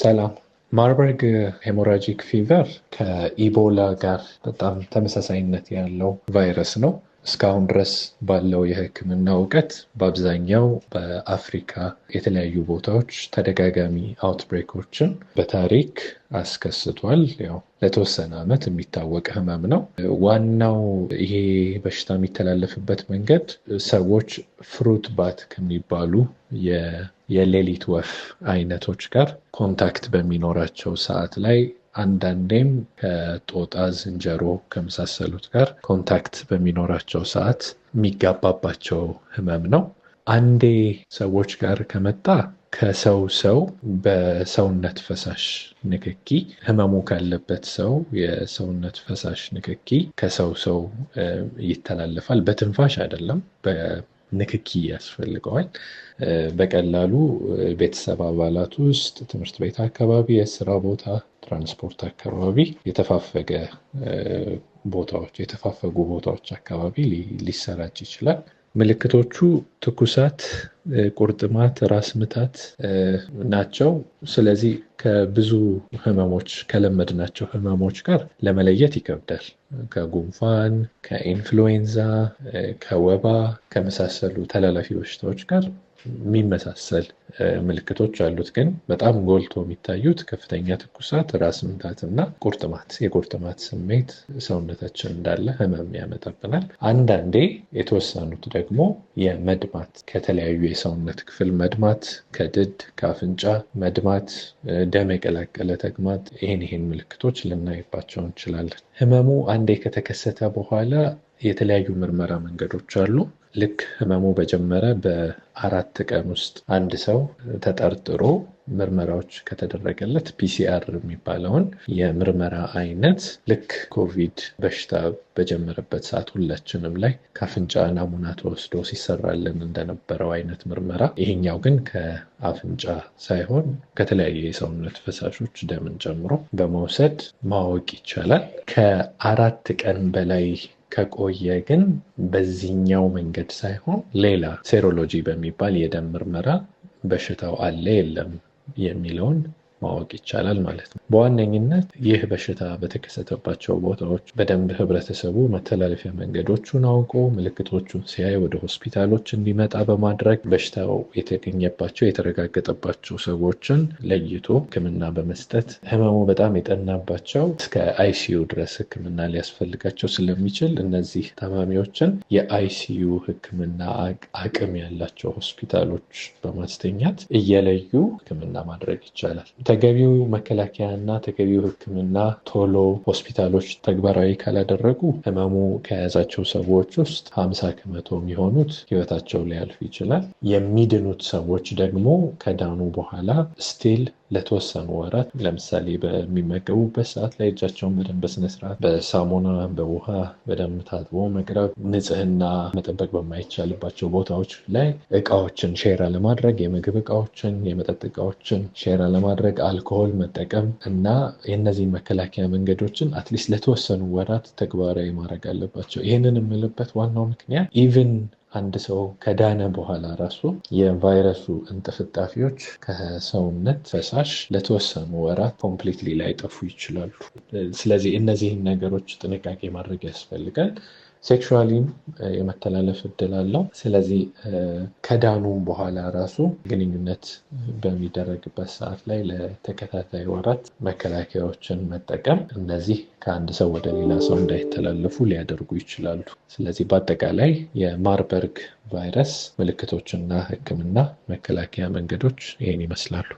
ሰላም ማርበርግ ሄሞራጂክ ፊቨር ከኢቦላ ጋር በጣም ተመሳሳይነት ያለው ቫይረስ ነው። እስካሁን ድረስ ባለው የህክምና እውቀት በአብዛኛው በአፍሪካ የተለያዩ ቦታዎች ተደጋጋሚ አውትብሬኮችን በታሪክ አስከስቷል። ያው ለተወሰነ ዓመት የሚታወቅ ህመም ነው። ዋናው ይሄ በሽታ የሚተላለፍበት መንገድ ሰዎች ፍሩት ባት ከሚባሉ የሌሊት ወፍ አይነቶች ጋር ኮንታክት በሚኖራቸው ሰዓት ላይ አንዳንዴም ከጦጣ ዝንጀሮ ከመሳሰሉት ጋር ኮንታክት በሚኖራቸው ሰዓት የሚጋባባቸው ህመም ነው። አንዴ ሰዎች ጋር ከመጣ ከሰው ሰው በሰውነት ፈሳሽ ንክኪ ህመሙ ካለበት ሰው የሰውነት ፈሳሽ ንክኪ ከሰው ሰው ይተላለፋል። በትንፋሽ አይደለም፣ በንክኪ ያስፈልገዋል። በቀላሉ ቤተሰብ አባላት ውስጥ፣ ትምህርት ቤት አካባቢ፣ የስራ ቦታ ትራንስፖርት አካባቢ የተፋፈገ ቦታዎች የተፋፈጉ ቦታዎች አካባቢ ሊሰራጭ ይችላል። ምልክቶቹ ትኩሳት፣ ቁርጥማት፣ ራስ ምታት ናቸው። ስለዚህ ከብዙ ህመሞች ከለመድናቸው ህመሞች ጋር ለመለየት ይከብዳል። ከጉንፋን፣ ከኢንፍሉዌንዛ፣ ከወባ ከመሳሰሉ ተላላፊ በሽታዎች ጋር የሚመሳሰል ምልክቶች አሉት። ግን በጣም ጎልቶ የሚታዩት ከፍተኛ ትኩሳት፣ ራስ ምታት እና ቁርጥማት፣ የቁርጥማት ስሜት ሰውነታችን እንዳለ ህመም ያመጣብናል። አንዳንዴ የተወሰኑት ደግሞ የመድማት ከተለያዩ የሰውነት ክፍል መድማት፣ ከድድ ከአፍንጫ መድማት፣ ደም የቀላቀለ ተግማት ይህን ይህን ምልክቶች ልናይባቸው እንችላለን። ህመሙ አንዴ ከተከሰተ በኋላ የተለያዩ ምርመራ መንገዶች አሉ። ልክ ህመሙ በጀመረ በአራት ቀን ውስጥ አንድ ሰው ተጠርጥሮ ምርመራዎች ከተደረገለት ፒሲአር የሚባለውን የምርመራ አይነት ልክ ኮቪድ በሽታ በጀመረበት ሰዓት ሁላችንም ላይ ከአፍንጫ ናሙና ተወስዶ ሲሰራልን እንደነበረው አይነት ምርመራ፣ ይሄኛው ግን ከአፍንጫ ሳይሆን ከተለያዩ የሰውነት ፈሳሾች ደምን ጨምሮ በመውሰድ ማወቅ ይቻላል። ከአራት ቀን በላይ ከቆየ ግን በዚህኛው መንገድ ሳይሆን ሌላ ሴሮሎጂ በሚባል የደም ምርመራ በሽታው አለ የለም የሚለውን ማወቅ ይቻላል ማለት ነው። በዋነኝነት ይህ በሽታ በተከሰተባቸው ቦታዎች በደንብ ህብረተሰቡ መተላለፊያ መንገዶቹን አውቆ ምልክቶቹን ሲያይ ወደ ሆስፒታሎች እንዲመጣ በማድረግ በሽታው የተገኘባቸው የተረጋገጠባቸው ሰዎችን ለይቶ ሕክምና በመስጠት ህመሙ በጣም የጠናባቸው እስከ አይሲዩ ድረስ ሕክምና ሊያስፈልጋቸው ስለሚችል እነዚህ ታማሚዎችን የአይሲዩ ሕክምና አቅም ያላቸው ሆስፒታሎች በማስተኛት እየለዩ ሕክምና ማድረግ ይቻላል። ተገቢው መከላከያና ተገቢው ሕክምና ቶሎ ሆስፒታሎች ተግባራዊ ካላደረጉ ህመሙ ከያዛቸው ሰዎች ውስጥ ሀምሳ ከመቶ የሚሆኑት ህይወታቸው ሊያልፍ ይችላል። የሚድኑት ሰዎች ደግሞ ከዳኑ በኋላ ስቲል ለተወሰኑ ወራት ለምሳሌ በሚመገቡበት ሰዓት ላይ እጃቸውን በደንብ በስነስርዓት በሳሙና በውሃ በደንብ ታጥቦ መቅረብ፣ ንጽህና መጠበቅ በማይቻልባቸው ቦታዎች ላይ እቃዎችን ሼራ ለማድረግ የምግብ እቃዎችን፣ የመጠጥ እቃዎችን ሼራ ለማድረግ አልኮሆል መጠቀም እና የእነዚህን መከላከያ መንገዶችን አትሊስት ለተወሰኑ ወራት ተግባራዊ ማድረግ አለባቸው። ይህንን የምልበት ዋናው ምክንያት ኢቭን አንድ ሰው ከዳነ በኋላ ራሱ የቫይረሱ እንጥፍጣፊዎች ከሰውነት ፈሳሽ ለተወሰኑ ወራት ኮምፕሊትሊ ላይጠፉ ይችላሉ። ስለዚህ እነዚህን ነገሮች ጥንቃቄ ማድረግ ያስፈልጋል። ሴክሹዋሊም የመተላለፍ እድል አለው። ስለዚህ ከዳኑም በኋላ ራሱ ግንኙነት በሚደረግበት ሰዓት ላይ ለተከታታይ ወራት መከላከያዎችን መጠቀም እነዚህ ከአንድ ሰው ወደ ሌላ ሰው እንዳይተላለፉ ሊያደርጉ ይችላሉ። ስለዚህ በአጠቃላይ የማርበርግ ቫይረስ ምልክቶችና ሕክምና መከላከያ መንገዶች ይህን ይመስላሉ።